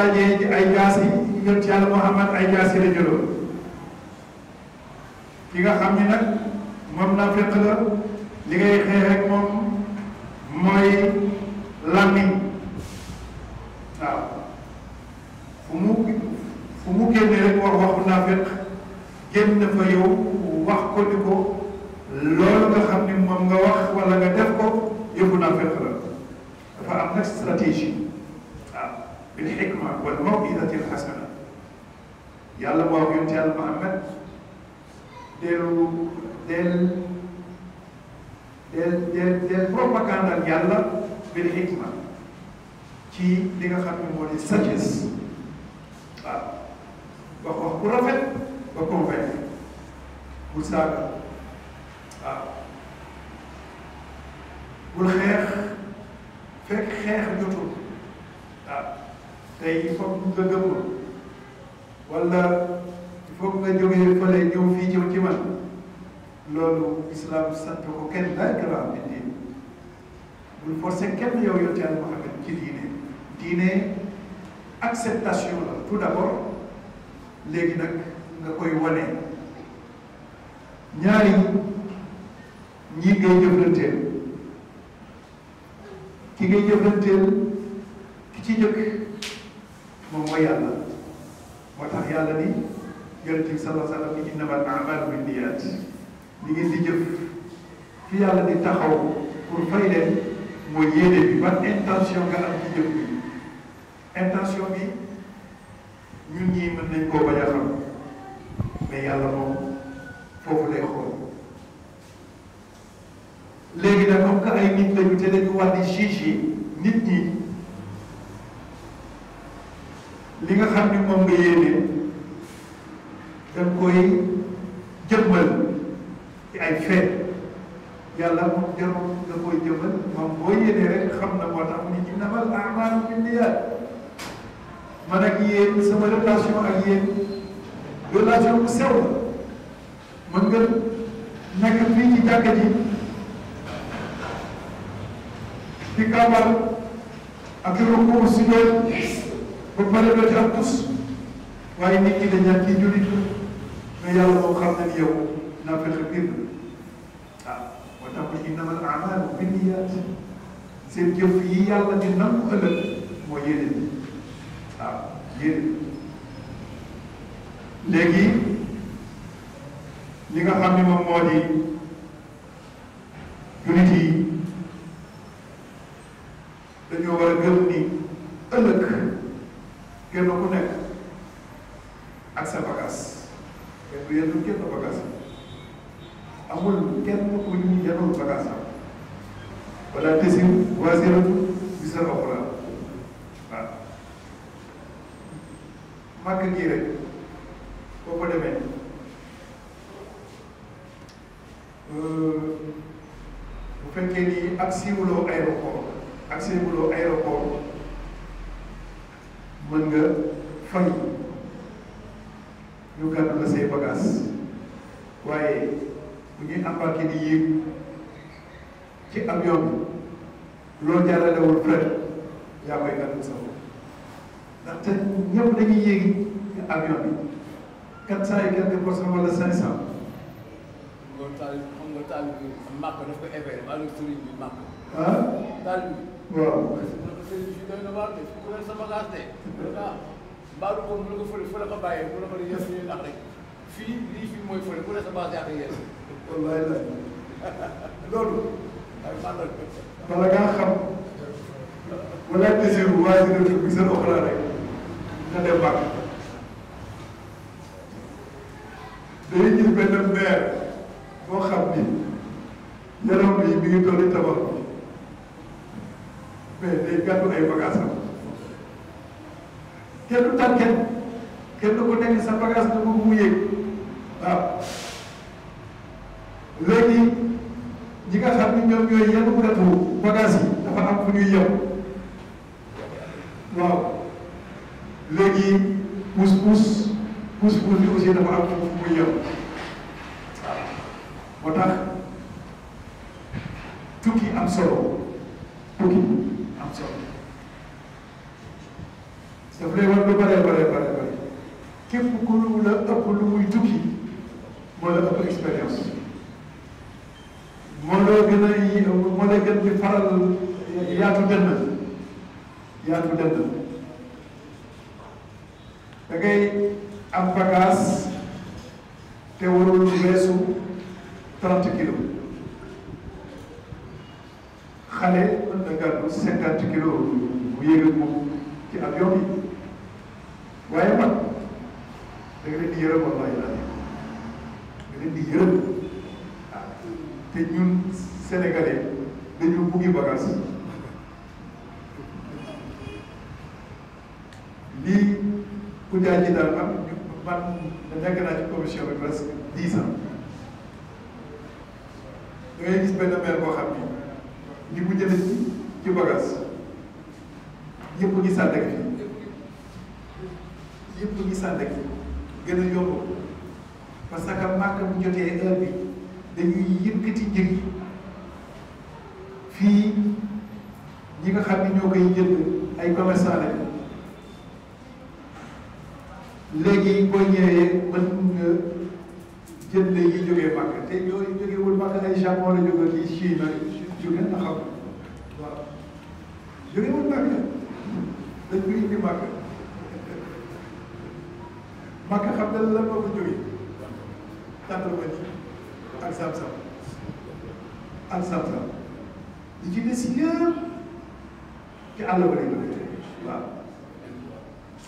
laajee ay jaas yi nga xam ni nag moom naa la li ngay xeex moom mooy làmmiñ waaw fu mu fu mu génne wax waxu naa fekk génn fa yow wax ko ni ko loolu nga xam ni moom nga wax wala nga def ko yóbbu naa la dafa am nag stratégie bil hikma wal mawidati al xasana yàlla boobu yonent yàlla Muhammad dellu del del del del propagande ak yàlla bil hikma ci li nga xam ne moo di sagesse waaw ba wax bu rafet ba convaincre bul saaga waaw bul xeex fekk xeex jotul te il faut ñu nga gëmul wala il faut nga jógee fële ñëw fii ñëw ci man loolu islam sant ko kenn daal di la am bindee bul forcer kenn yow yow Thierno Mohamed ci diine diine acceptation la tout d'abord léegi nag nga koy wane ñaari ñi ngay jëflanteel ki ngay jëflanteel ki ci njëkk. yàlla moo tax yàlla ni yonent bi sallallahu alayhi wa sallam innamal a'maalu binniyaat li ngeen di jëf fi yàlla di taxaw pour fay leen mooy yéene bi ban intention nga am ci jëf bi intention bi ñun ñii mën nañ koo bañ a mais yàlla moom foofu lay xool léegi nag comme que ay nit lañu te dañu war di juge nit ñi. li nga xam ni moom nga yéene da nga koy jëmmal ci ay fee yàlla moom jarul nga koy jëmmal moom boo yéene rek xam na moo tax ni innamal a'maalu binniyaat man ak yéen sama relation ak yéen relation bu sew la mën nga nekk fii ci jàkka ji di kawal ak ruku sujjóot ba pare doo ci am tus waaye nit ki dañ naan kii jullit mais yàlla moom xam na ni yow naa fexe biir la ah moo tax ba innamal a'maalu binniyaat seen jëf yi yàlla di nangu ëllëg moo yéene bi waaw ah, yéene léegi li nga xam ne moom moo di jullit yi dañoo yoon loolu jàllalewul fret yaa koy gàttal sa bopp ndaxte ñëpp dañuy yéegi avion bi quatre cent et quelques personnes wala cinq cent. loolu taal xam nga taal bi màkk daf ko éveillé wala sëriñ bi màkk. ah taal bi. waaw. sëriñ bi doy na waar ku leen sa bagage de. ko mu la ko fële fële ko bàyyee mu la mooy fële ku leen sa bagage yaa koy yéen. wallaay la loolu. wala nga xam wala désir waa si nekk bi seen oxra rek nga dem bàq day gis benn meer boo xam ni yaram bi mi ngi tolli tabax bi mais day gàddu ay bagages am kenn du tànket kenn du ko nekk sa bagage du ko mu yëg waaw léegi nga xam ne ñoom ñooy yenn mu datu bagage yi dafa am fu ñuy yem waaw léegi pousse pousse pousse pousse bi aussi dafa am fu muy yem moo am solo tukki am solo daf lay war lu bare bare waaye mag da nga di yërëm wallahi laa da leen di yërëm waaw te ñun sénégalais dañu buggi ku jaay ji man man nekk naa ci commission bi presque dix ans da ngay gis benn ni li mu jëlee ci bagage ñëpp ñu sànni ak yëpp ñu sànni rek gën a yomb parce que màkk bu jotee heure bi dañuy yëkkati njëg yi fii ñi nga xam ne ñoo koy jënd ay commerçant lañu léegi boo ñëwee mën nga jënd yi jógee màkk te yooyu jógeewul màkk ay japon la jóge kii Chine ak jóge na xam waaw jógeewul màkk dañ koy indi màkk màkk xam ne lan moo fa jógee tàndarmani ak sam-sam ak sam-sam li ci des yëpp ci àll ba lay jógee waaw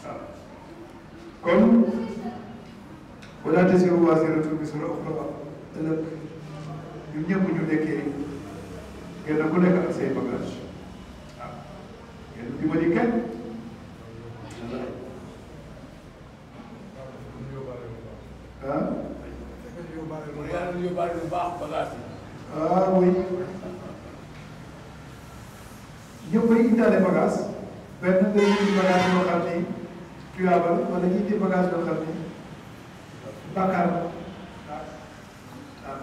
waaw kon wala tasiru waasiratun wisra uxraa ëllëg ñun ñëpp ñu nekkee kenn ku nekk ak say dans les bagages benn nga indi bagage yoo xam ni tuyaabal wala ñu indi bagage yoo xam ni bàkkaar ah ah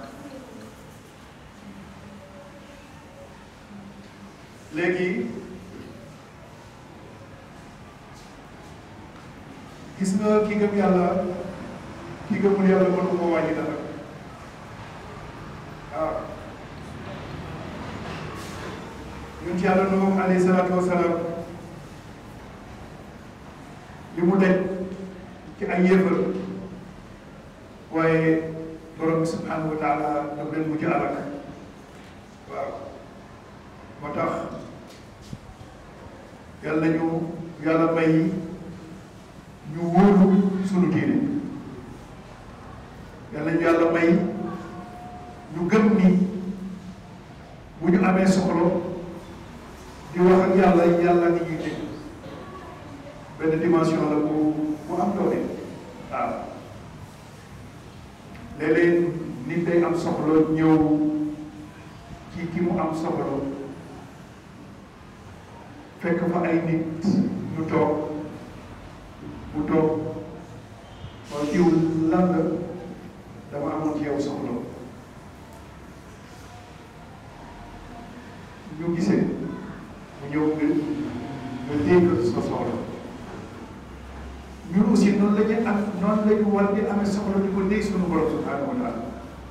léegi gis nga ki gëm yàlla ki gëmul yàlla mënu ko wàññi dara ci yàlla Nuux alayhi salaatu salaam li mu daj ci ay yéefar waaye borom bi subhaanahu wa léeg-léeg nit day am soxla mu am soxla fekk fa ay nit ñu toog mu toog waaw jiw lan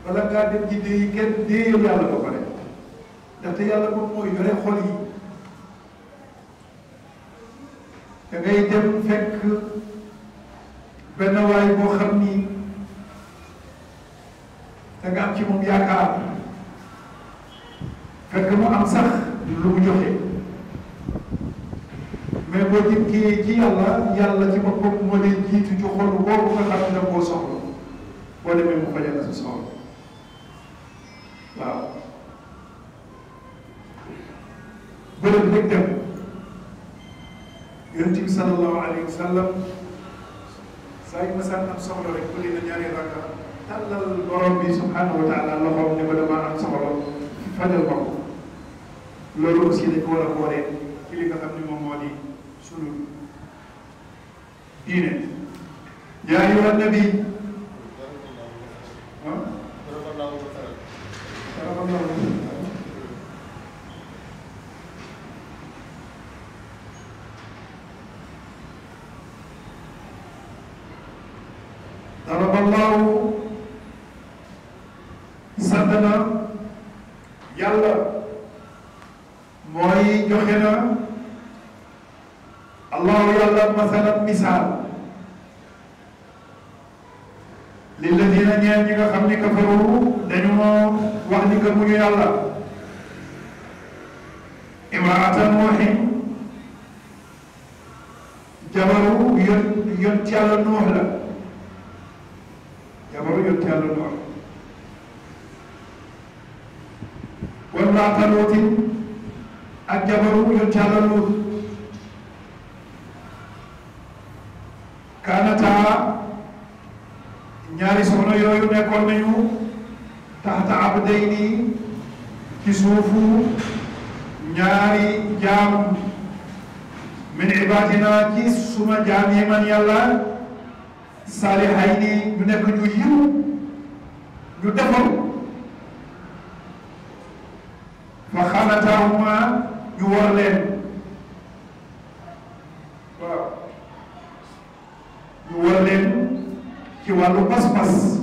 bala ngaa dem ci déy yi kenn déeyal yàlla ba pare ndaxte yàlla moom mooy yore xol yi da ngay dem fekk benn waay boo xam ni da nga am ci moom yaakaar fekk mu am sax lu mu joxe mais boo dikkee ci yàlla yàlla ci boppam moo lay jiitu ci xol boobu nga xam ne da koo soxla boo demee mu bërëb buñ dem yonent bi sallallahu alayhi wa sallam saa yu masaan am soxla rek bu dee ñaari rakka tàllal borom bi subhanahu wa taala loxoom ne ko damaa am soxla fajal ko loolu aussi dañ ko war a boole ci li nga xam ne moom moo di sunu diine yaa ayyuhan nabi mooy joxe na allahu yàlla masalan misaal lilladina ñeen ñi nga xam ni kafaru dañoo wax ni gëmuñu yàlla imraata nuuxin jabaru yot yot yàlla nuux la jabaru yot yàlla nuux wala taluutin ak jabaru yonent Yàlla Luut kaanataa ñaari soxna yooyu nekkoon nañu taxta abdayni ci suufu ñaari jaam min ibaadina ci suma jaam yi man yàlla saalihayni ñu nekk ñu yiw ñu defaru fa xaanataahuma defar leen waaw du war leen ci wàllu pas-pas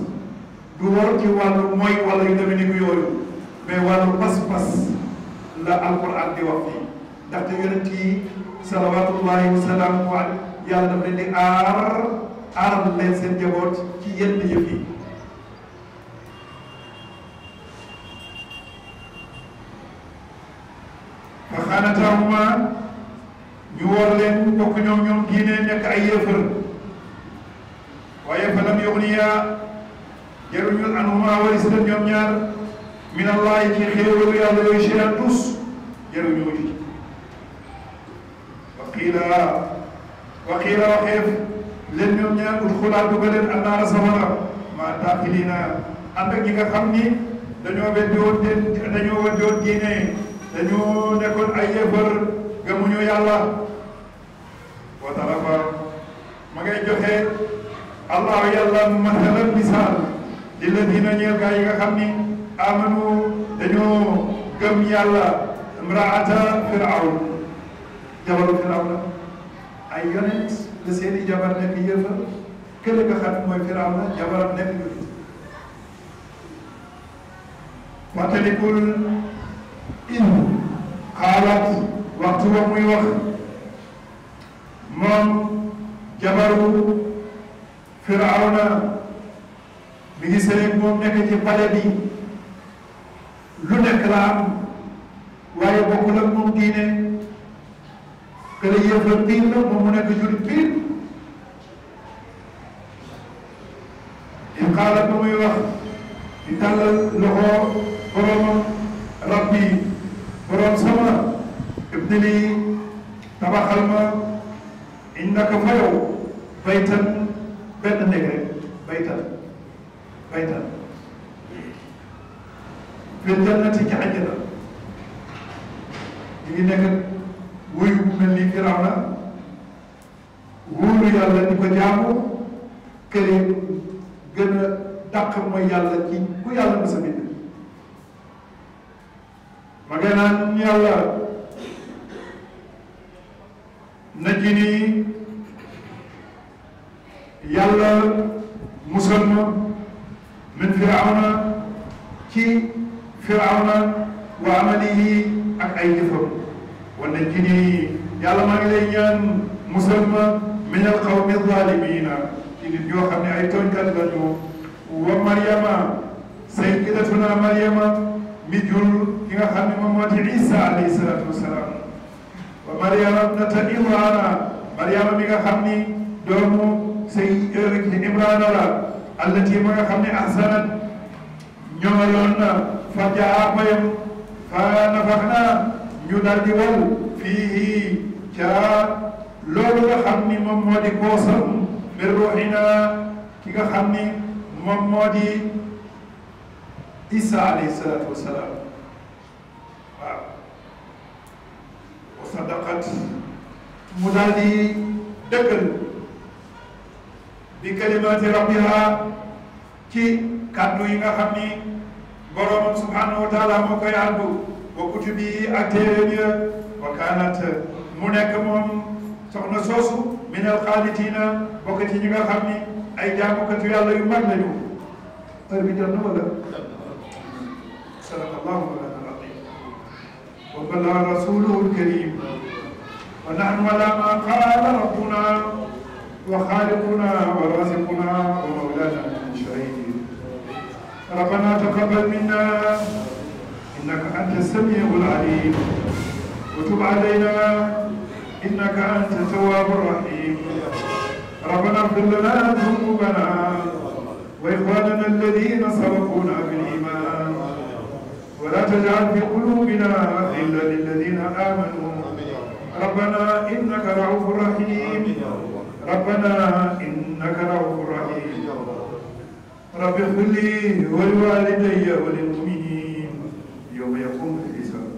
du war ci wàllu mooy wala yu demee ni yooyu mais wàllu pas-pas la alquran di wax fii ndaxte yonent yi salawatullahi wa salaamu yàlla daf di aar aaral leen seen jaboot ci yenn yëf yi taxuma ñu wóor leen bokk ñoom ñoom diine nekk ay yéefar waaye falam yugniyaa jaruñul anhumaa walis leen ñoom ñaar min allahi ci xéewalu yàlla yooyu shay'an tus jaruñu ci qiila wa qiila waxeef leen ñoom ñaar udxulaa dugal leen annaara safara maa daaxiliina ànd ak ñi nga ni dañoo weddi woon dañoo dañu nekkoon ay yéefar gëmuñu yàlla wa tarafa ma ngay joxe allahu yàlla masalan misaal di la dina ñeel gaa yi nga xam ni amanu dañoo gëm yàlla imraata firawn jabaru firawna ay yonent la seeni jabar nekk yéefar kële nga xam mooy firawna jabaram nekk jullit waxtalikul in xaalaat waxtu ba muy wax moom jabaru firawna mi ngi sëyeeg moom nekk ci bi lu nekk la am waaye bokkul ak moom diine kële yëfër biir la moom mu nekk jur biir in xaalaat ba muy wax di tàllal loxo boromam rabbi borom sama ibni lii tabaxal ma innaka fa yow baytan benn néeg rek baytan baytan fil jannati ci àjjana ñu ngi nekk wuyu bu mel ni Firawna wóolu yàlla di ko jaamu kër yi gën a dàq mooy yàlla ci maganaan yàlla najjini yàlla musal ma min firawna ci firawna wa amalihi ak ay jëfam wa najjini yàlla maa ngi lay ñaan musal ma min al qawmi zalimina ci nit yoo xam ne ay tooñkat lañu wa Mariama sayyidatuna Mariama mi jur ki nga xam ne moom moo di Isa alayhi salaatu wasalaam wa Mariama ibnata Imrana Mariama mi nga xam ni doomu say euh, Imrana la allati ma nga xam ne ahsanat ñoŋaloon na farjahaa bayam fa nafaxna ñu di wal fii ca loolu nga xam ni moom moo di ruuxina ki nga xam ni moom Isa alayhi salaatu wa salaam waaw wa sadaqat mu daal di dëggal bi kalimaati rabbiha ci kàddu yi nga xam ni boroomam subhaanahu wa taala moo koy àddu wa kutubi ak téeréem ya wa kaanat mu nekk moom soxna soosu min alxaalitina bokk ci ñi nga xam ni ay jaamukatu yàlla yu mag lañu heure bi jot na wala صدق الله مولانا العظيم وبلغ رسوله الكريم ونحن على ما قال ربنا وخالقنا ورازقنا ومولانا من شهيد ربنا تقبل منا انك انت السميع العليم وتب علينا انك انت التواب الرحيم ربنا اغفر لنا ذنوبنا واخواننا الذين سبقونا بالايمان ولا تجعل في قلوبنا غلا للذين آمنوا ربنا إنك رؤوف رحيم ربنا إنك رؤوف رحيم رب اغفر لي ولوالدي وللمؤمنين يوم يقوم الحساب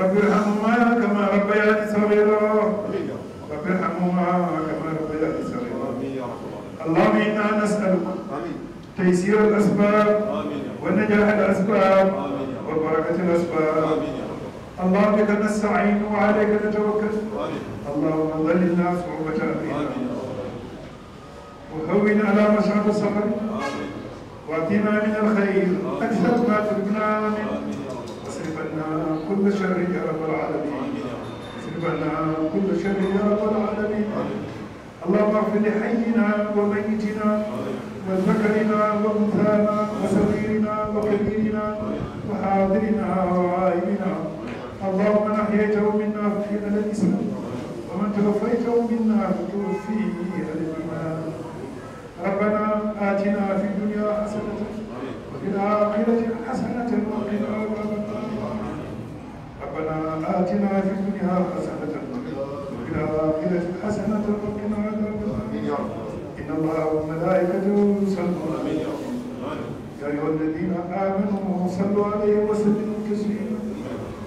رب ارحمهما كما ربياني صغيرا رب ارحمهما كما ربياني صغيرا اللهم انا نسالك تيسير الاسباب ونجاح الاسباب وبركة الأسباب اللهم بك نستعين وعليك نتوكل اللهم ظللنا صعوبة أمرنا وهون على مشاق السفر واعطنا من الخير أكثر ما تمنى منه واصرف عنا كل شر يا رب العالمين واصرف عنا كل شر يا رب العالمين اللهم اغفر لحينا وميتنا وذكرنا وانثانا وصغيرنا وكبيرنا وحاضرنا وغائبنا اللهم من أحييته منا ففينا للإسلام ومن توفيته منا فتوفيه على الإيمان ربنا آتنا في الدنيا حسنة وفي الآخرة حسنة وقنا عذاب النار ربنا آتنا في الدنيا حسنة وفي الآخرة حسنة وقنا عذاب النار إن الله وملائكته يصلون يا أيها الذين آمنوا صلوا عليه وسلموا تسليما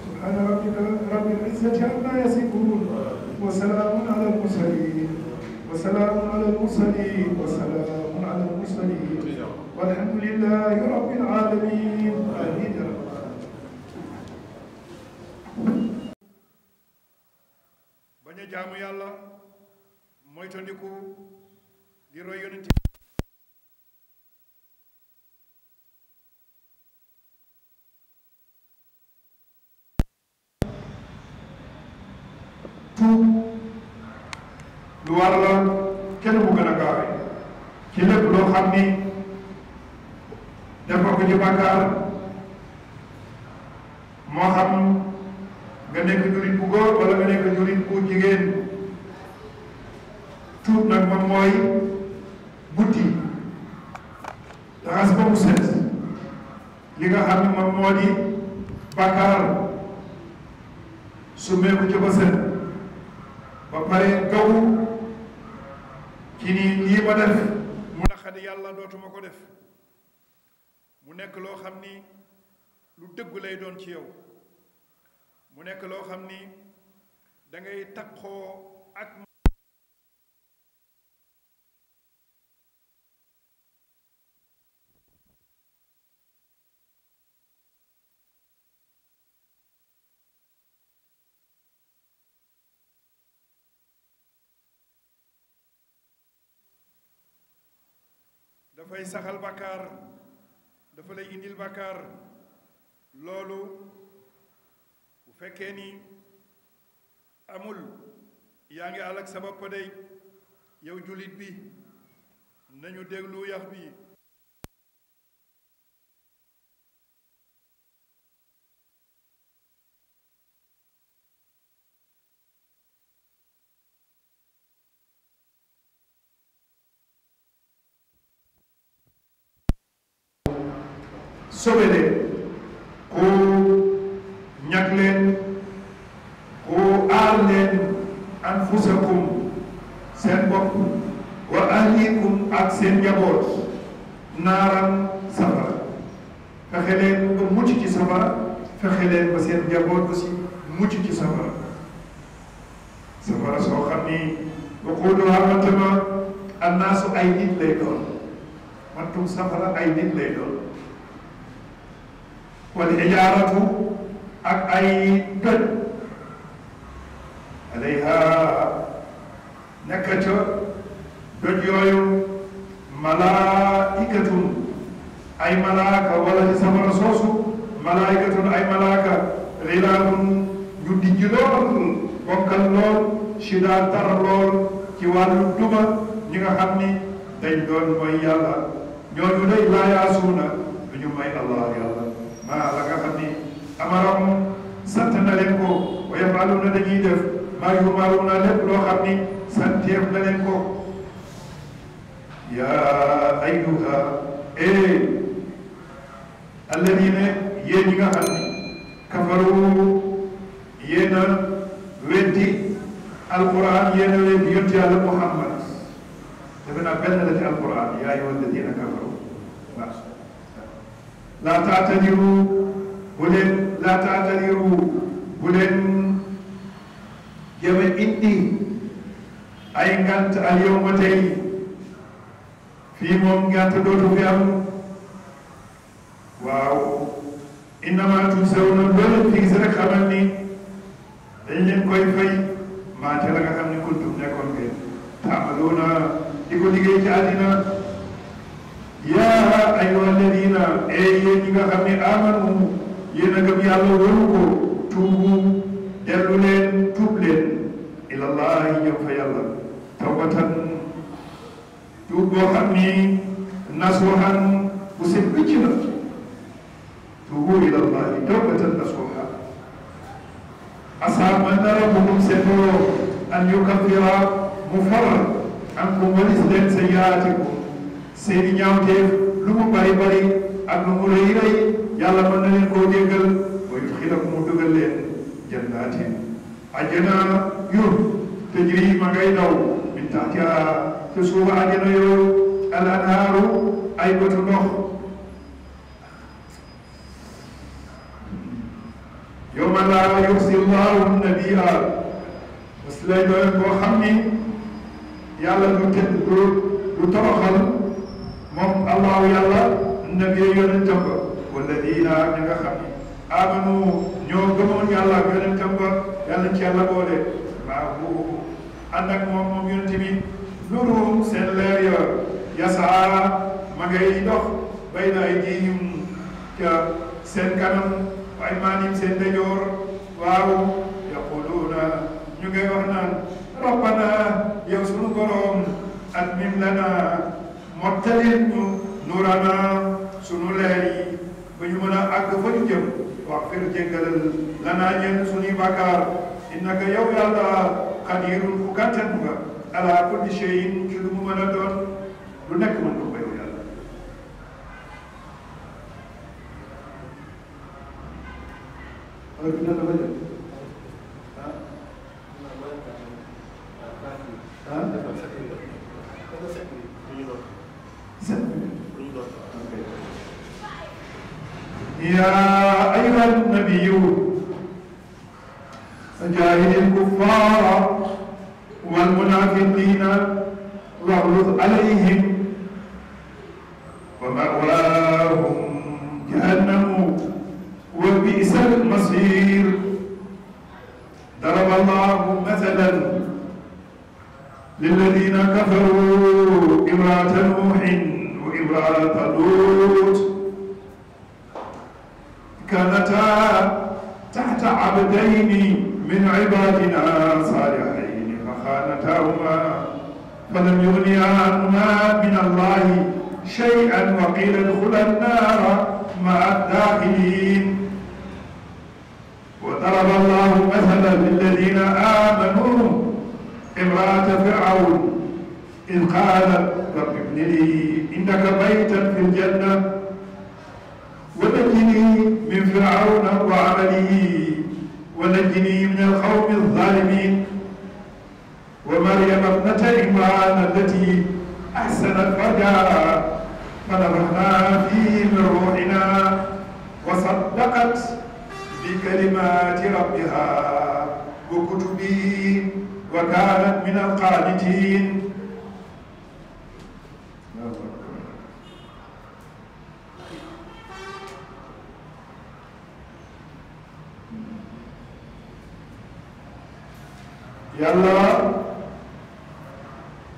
سبحان ربك رب العزة عما يصفون وسلام على المرسلين وسلام على المرسلين وسلام على المرسلين والحمد لله رب العالمين آمين bañ a jaamu yàlla moytandiku di roy yonent tuub lu war kenn bu a gaawee ci lépp xam ni def ko ci bàkkaar moo xam nga nekk jurit bu góor wala nga nekk jurit bu jigéen tuub ba mu set li nga xam ne moom moo di bàkkaar ba pare dogu ci ni lii ma def mu naqadi yàlla dootuma ko def mu nekk loo xam ni lu dëgg lay doon ci yow mu nekk loo xam ni da takkoo ak dafay saxal bàkkaar dafa lay indil bàkkaar loolu bu fekkee nii amul yaa ngi àll ak sa bopp day yow jullit bi nañu déglu yax bi sauvé leen ku ñag leen ku aar leen anfusakum seen bopp wa ahlikum ak seen njaboot naaram safara fexe leen ba mucc ci safara fexe leen ba seen njaboot aussi mucc ci safara safara soo xam ni waquuduhaa man tama annaasu ay nit lay doon man safara ay nit lay doon wal ijaaratu ay doj alayha nekk ca yooyu malaikatun ay malaaka wala ci samara soosu malaikatun ay malaaka rilaadun ñu dijj lool lool shidaa tar lool ci wàllu duma ñi nga xam ni dañ doon mooy yàlla ñooñu day laayaasuuna du ñu may allah yàlla maa la nga xam ni amarahum sant na leen wa yafaaluuna dañuy def maa yumaaruuna loo xam ni santeef na leen ko yaa ayuha ee alladina yéen ni kafaru yéen a weddi alquran yéen a weddi yonti yàlla muhammad defe naa benn la ci alquran yaa ayuha alladina kafaru waaw laa taatadiru bu laa taatadiru bu leen indi ay ngant al yowma tey moom ngant dootu fi am waaw innama tujzawna loolu fii si rek xamal ni dañ koy fay maa ca la nga xam ne kuntum nekkoon ngeen taamaloona di ko liggéey ci àddina yaa ayyuha alladina ee yéen ñi nga amanu yéen a gëm yàlla ko tuubu dellu leen tuub leen ilallahi fa yàlla tawbatan tuub boo xam ni nasuhan bu set bëcc la tuubu ilallahi tawbatan asaa man rabbukum seetoo an yukaffira mu faral ankum walis leen sayyaatikum seeni ñaawteef lu bari bari ak lu mu rëy rëy yàlla mën na leen koo jéggal wa yudxilakum mu dugal leen jannaatin yur tajri ma daw min taxtiha te suuba ajjana yooyu al anhaaru ay bëtu ndox yawma laa yuxzi llahu nabiyya bés lay doon boo xam ni yàlla du tëdd du toroxal nabiya yonentam ba walladiina ñi nga xam ni amanu ñoo gëmoon yàlla ak yonentam ba yàlla ci yàlla boole maa bu ànd ak moom moom yonent bi nuruhum seen leer ya yasaa ma ngay dox bayna aydihim ca seen kanam wa aymaanihim seen ndeyjoor waaw yaquluuna ñu ngay wax naan rabbana yow sunu borom atmim lana mottalil ñu nurana sunu leer yi ba ñu mën a àgg fa ñu jëm wax fir jéggalal lanaa ñeen sunuy bàkkaar innaka yow yàlla xadirun ku gàttan nga ala kulli shay'in ci lu mu mën a doon lu nekk mën nga ko yow yàlla heure bi na dafa jëm يا أيها النبي جاهد الكفار والمنافقين واغلظ عليهم فرعون إذ قال رب ابن لي إنك بيتا في الجنة ونجني من فرعون وعمله ونجني من القوم الظالمين ومريم ابنة عمران التي أحسنت فرجها فنفخنا فيه من روحنا وصدقت بكلمات ربها وكتبه wa kaanat min alqaanitiin yàlla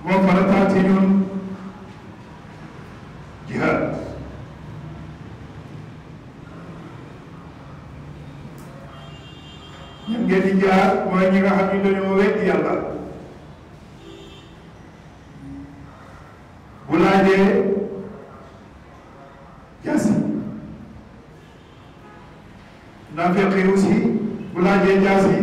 moo faral ngeen di jaar mooy ñi nga xam ni dañoo weddi yàlla bu laajee jaasi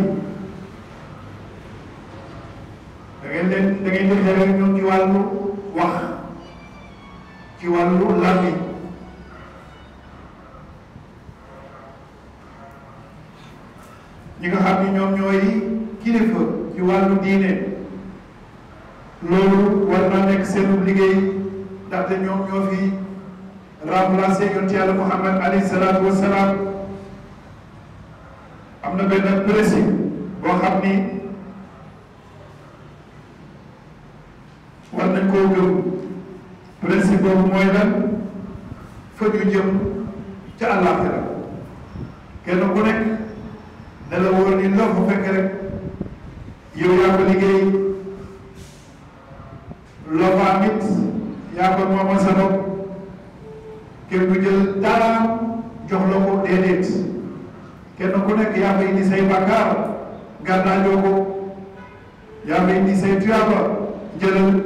Muhammad alayhi salaatu wa salaam am na benn principe boo xam ni war koo gëm principe boobu mooy lan fa ñu jëm ca àllaaxira kenn ku nekk ne la wóor ni loo fa fekk rek yow yaa ko liggéey loo fa am yaa ko moomal sa bopp kenn du jël daraam jox la ko déedéet kenn ku nekk yaa fa say bàkkaar gàddaajoo ko yaa fa say tuyaaba jëlal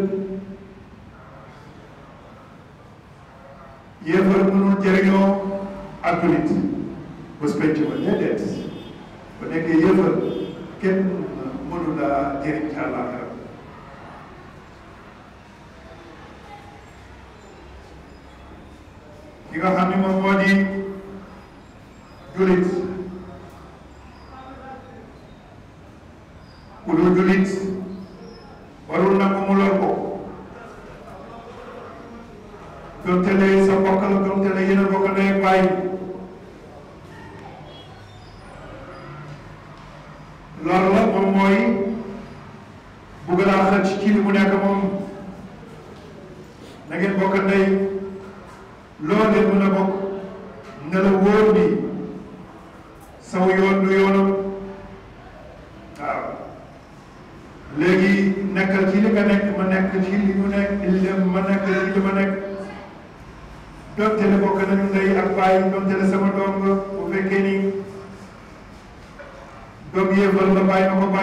yéefar mënul jëriñoo ak julit bés penc ba déedéet ba kenn mënul a jëriñ ci àllaaxira li nga xam ni moom moo di jullit na ko mu lor ko gëm te ne sa mbokk la gëm te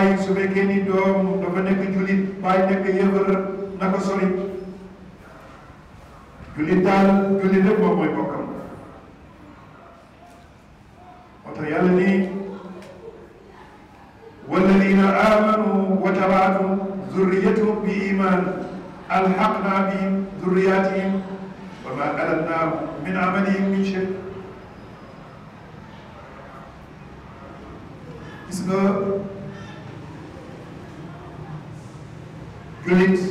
bàyyi su fekkee ni doom dafa nekk jullit bàyyi nekk yëfër na ko sori jullit daal jullit lépp moom mooy bokkam moo tax yàlla ni walladina amanu wa tabaatu zurriyatuhum bi iman alxaqna bihim zurriyatihim wa ma alatnahum min amalihim min shay gis nga jullit